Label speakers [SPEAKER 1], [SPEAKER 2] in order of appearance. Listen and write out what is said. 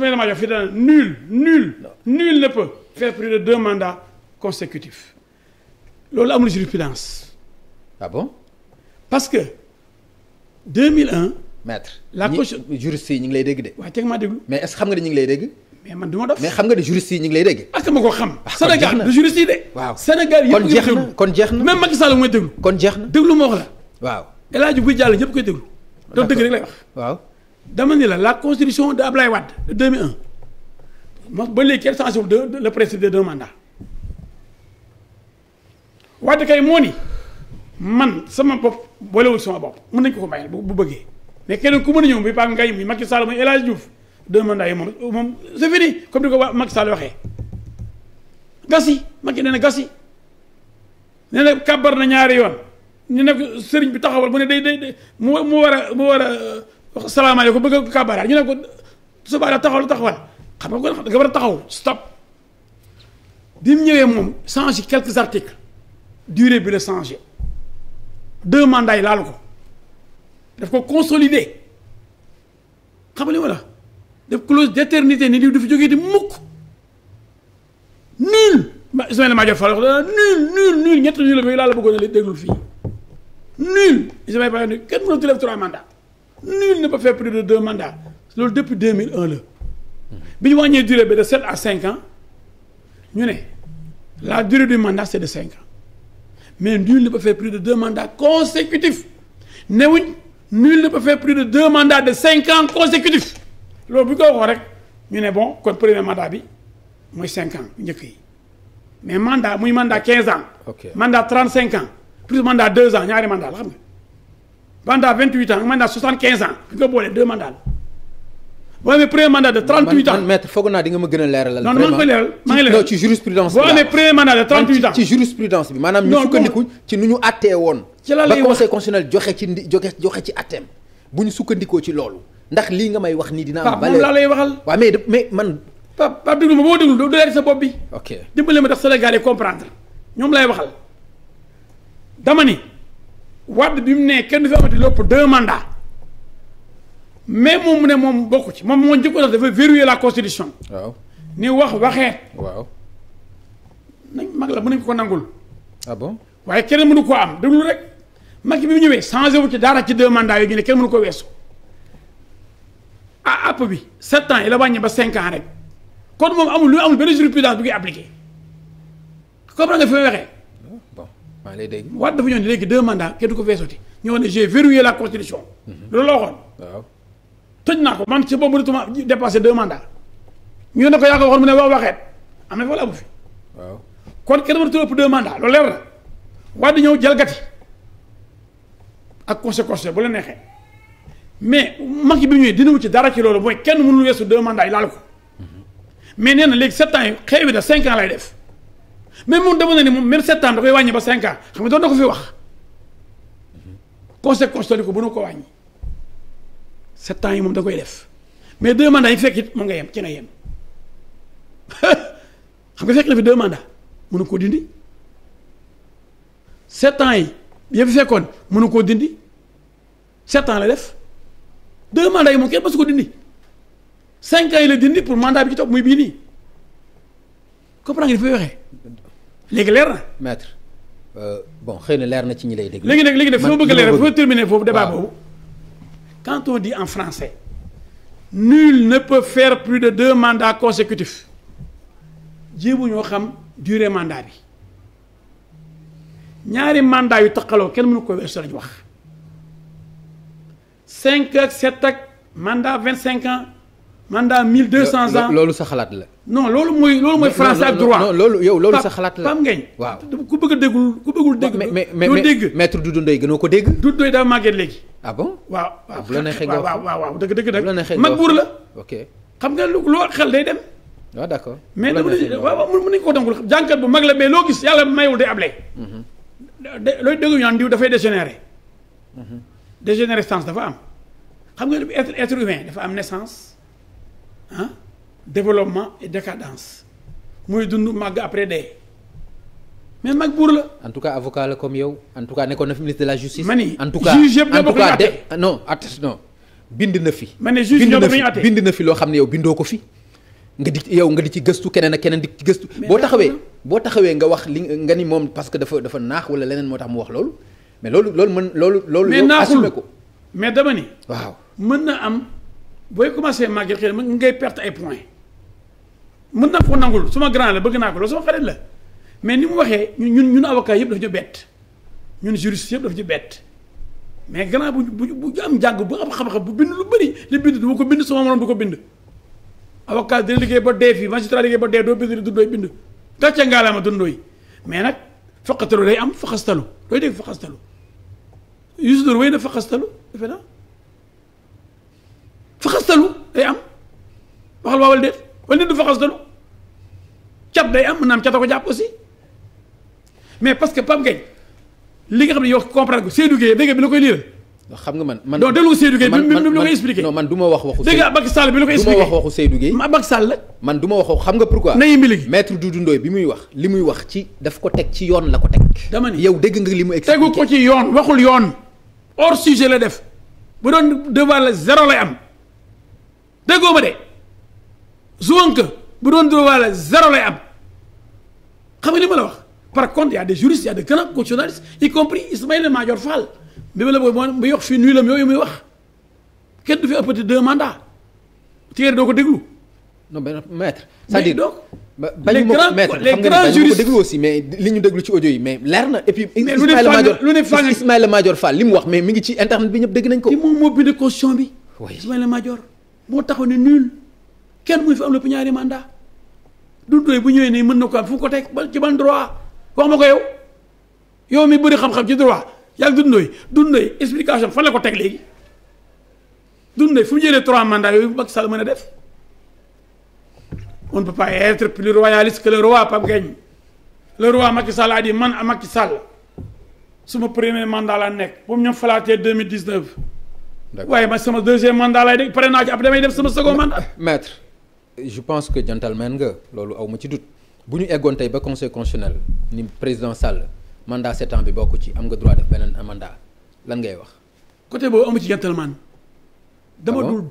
[SPEAKER 1] gouvernement Diomaye Faye dana nul nul de deux mandats loolu amul jurisprudence ah bon parce que
[SPEAKER 2] 2001 maître la caution juriste yi ñu ngi lay dégg de waaw teg maa déglu mais est xam nga ne ñu ngi lay dégg mais man du ma dof mais xam nga ne juriste yi ñu ngi lay dégg parce que ma ko xam ah, Sénégal du juriste yi de waaw
[SPEAKER 1] Sénégal yëpp kon jeex na kon jeex na même Macky Sall mooy déglu kon jeex na déglu ma wax waaw El Hadji buy jàll ñëpp koy déglu doon dëgg rek lay waaw dama ni la la constitution de Ablaye Wade de 2001 ma ba léegi kenn sensible de le principe des deux mandats kay moo ni man sama bopp boolewul sama bopp mën nañ ko ko bàyyil bu bëggee mais keneen ku mën a ñëw bi Pape Ngaye muy Macky Sall muy El Hadj yi moom moom c'est fini comme ni ko waa Macky Sall waxee. gasi Macky nee na gasi nee na kàbbar na ñaari yoon ñu ne ko sëriñ bi taxawal mu ne day day mu mu war a mu war a. wax salaamaaleykum bëgg ko kabaaraat ñu ne ko subaana taxawal taxawal xam nga kon da nga war a taxaw stop bi mu ñëwee moom changé quelques articles durée bi la changé deux mandats yi laal ko def ko consolider xam nga li ma la def clause d'éternité ni du fi jógee di mukk nul ma Ismaïla Madior Fall wax dëgg nul nul nul ñett nul la laal la bëggoon a déglul fii nul Ismaïla Madior Fall kenn mënatu lef trois mandats. nul ne peut faire plus de deux mandats loolu depuis 2001 la bi ñu wàññee durée bi de 7 à cinq ans ñu ne la durée du mandat c' de cinq ans mais nul ne peut faire plus de deux mandats consécutifs newuñ nul ne peut faire plus de deux mandats de 5 ans consécutifs loolu bu ñu ko rek ñu ne bon kon premier mandat bi mooy 5 ans njëkk yi mais mandat muy mandat 15 ans. ok mandat 35 ans plus mandat 2 ans ñaari mandat la xam nga. mandat 28 ans mandat 75 ans nga boole deux mandats la boo amee premier mandat de 38
[SPEAKER 2] ans man man foog naa di nga ma gën a leeralal. non non maa ngi koy leeral maa ngi leeral ci jurisprudence bi ci jurisprudence bi maanaam ñu sukkandiku ci nu ñu attee woon. ci la lay wax ci ndi joxe ci atteem bu ñu sukkandikoo ci loolu ndax lii nga may wax nii dina am. bale laa lay waxal waaw mais
[SPEAKER 1] mais man. Pape Pape déglu ma boo déglu du leer sa bopp bi. ok dimbale ma tax ni. Wade bi mu nee kenn du fi amati lépp deux mandats mais moom mu ne moom bokku ci moom moo njëkkoon dafa verrouiller la constitution. waaw ni wax waxeet. waaw. mag la mën nañ ko nangul. Ah bon waaye kenn mënu koo am déglu rek mag bi mu ñëwee changé wu ci dara ci deux manda yooyu ñu ne kenn mënu ko weesu. ah app bi sept ans yi la wàññi ba cinq ans rek kon moom amul lu amul benn jurisprudence bu koy appliqué comprendre nga fi may maa lay dégg waat dafa ñëw ne léegi deux kenn du ko feesati ñu wax ne j'ai verrouillé la constitution. Mhm. loolu la
[SPEAKER 2] waxoon.
[SPEAKER 1] tëj naa ko man ci boobu de dépassé deux mandats ñu ne ko yaa ko waxoon mu ne waaw waxeet am na fa wala amu fi. kon kenn mënatu ëpp deux mandats loolu leer na waat di ñëw jalgati ak conséquence bu la neexee mais Macky bi ñuy dinawu ci dara ci loolu mooy kenn mënul weesu deux mandats yi laal ko mhm. mais neen na léegi sept ans yi xeewi da cinq ans lay def. mais moom demoon na ni moom même sept ans da koy wàññi ba cinq ans xam nga doon na ko fi wax conseil constaté ko bu na ko wàññi sept ans yi moom da koy def mais deux mandats yi fekk it moom nga yem ci nga yem xam nga fekk na fi deux mandats mënu koo dindi sept ans yi yëpp fekkoon mënu koo dindi sept ans la def deux mandats yi moom kenn ba ko dindi cinq ans yi la dindi pour mandat bi ci topp muy bii nii comprendre nga ni fi léegi leer na.
[SPEAKER 2] maître euh, bon xëy na leer na ci ñi lay dégg. léegi nag léegi nag fi ma bëgg leer fi ma
[SPEAKER 1] terminer foofu débat boobu. quand di en français. nul ne peut plus de deux mandats consécutifs jébu ñoo xam durée mandat bi ñaari mandat yu taqaloo kenn mënu ko weesu lañu wax cinq ak sept ak mandat vingt cinq ans. mandat 1200 ans loolu sa xalaat la. non loolu mooy loolu mooy ak droit non
[SPEAKER 2] loolu yow loolu sa xalaat la Pape Ngagne waaw ku bëgg a déggul ku bëggul dégg. mais mais mais maître Doudou Ndoye ko dégg. Doudou Ndoye daa màgget léegi.
[SPEAKER 1] ah bon waaw ah, waaw bu la neexee nga wax nag mag buur la. ok xam nga lu loo xel day dem. waa ah, d'accord mais dama ne waaw waaw bu mag la mais loo gis yàlla mayul day able. Mhm. de looy dégg ñu naan diw dafay dégénéré. Mhm. dégénérescence dafa am xam nga être être humain dafa am naissance ah développement et décadence mooy dund màgg après dee
[SPEAKER 2] mais mag buur la. en tout cas avocat la comme yow en tout cas nekkoon na fi ministre de la justice. ma ni juge yëpp da nga de ah, non attends bind na fi. ma ne juge ñoo ko bind na fi loo xam ne yow bindoo ko fi. nga di yow nga di ci gëstu keneen a keneen di ci gëstu. boo taxawee boo taxawee nga wax li nga ni moom parce que dafa dafa naax wala leneen moo tax mu wax loolu mais loolu loolu mën loolu. loolu yow assumé ko
[SPEAKER 1] mais dama ni. waaw mën na am. booy commencé màgget xëy na ngay perte ay points mun naa ko nangul suma grand la bëgg naa ko loolu sama xarit la mais ni mu waxee ñun ñun avocat yëpp dafa ñu bett ñun juriste yëpp dafa ñu bett mais grand bu bu bu am jàng bu am xam-xam bu bind lu bëri li bind du ma ko bind sama morom du ko bind. avocat dina liggéey ba dee fii magistrat liggéey ba dee doo bind dundooy bind gàcce ngaalaama dundooy mais nag foqatalu day am faxastalu dooy dégg faxastalu Youssou Ndour wéy faxastalu day am waxal waawal déet wala déet du faxastalu cat day am mën naa am cat a ko jàpp aussi mais parce que Pape Ngagne li nga xam ne yow comprendre ko Seydou Gueye dégg bi la koy liir. xam nga man man donc déglu Seydou Gueye. man du ma wax waxu. Seydou dégg nga Macky Sall bi la koy expliqué du ma
[SPEAKER 2] man du ma wax na yimbi léegi maître Doudou Ndoye bi muy wax. li muy wax ci daf ko teg
[SPEAKER 1] ci yoon la ko teg. dama yow dégg nga li mu expliqué tegu ko yoon waxul yoon hors sujet la def bu doon devoir la zéro lay am déggoo ma de Zouanka bu doon dóor waale zéro lay am xam nga li ma la wax par contre y a des juristes y a des grands constitutionnalistes y compris Ismaïla Madior Fall bi ma la booy moo mu yooyu muy wax kenn du fi ëppati deux mandats téere doo ko déglu
[SPEAKER 2] non mais maître c'est-à-dire donc les grands les grands juristes déglu li ñu déglu ci audio yi mais leer na et puis Ismaïla Madior lu ne Ismaïla li mu wax mais mi ngi ci internet bi ñëpp
[SPEAKER 1] dégg nañ ko moom moo bind constitution bi Ismaïla Madior moo taxaw ne nul kenn muy fi am lépp ñaari mandat dundooy bu ñëwee nii mën na ko am fu ko teg ba ci ban droit wax ma ko yow yow mi bëri xam-xam ci droit yaa ngi dundooy dundooy explication fan la ko teg léegi dundooy fu mu jëlee trois mandats yooyu Macky Sall mën a def on ne peut pas être plus royaliste que le roi Pape Ngagne le roi Macky Sall a dit man a Macky Sall suma premier mandat laa nekk bu mu ñoom falaatee waaye ma sama deuxième mandat lay def pare naa ci ab damay def sama second mandat.
[SPEAKER 2] maître je pense que gentleman nga loolu aw ma ci dut bu ñu eggoon tey ba conseil constitutionnel ni président Sall mandat sept ans bi bokk ci am nga droit def beneen mandat lan ngay wax. côté boobu amu ci gentleman ah dama dul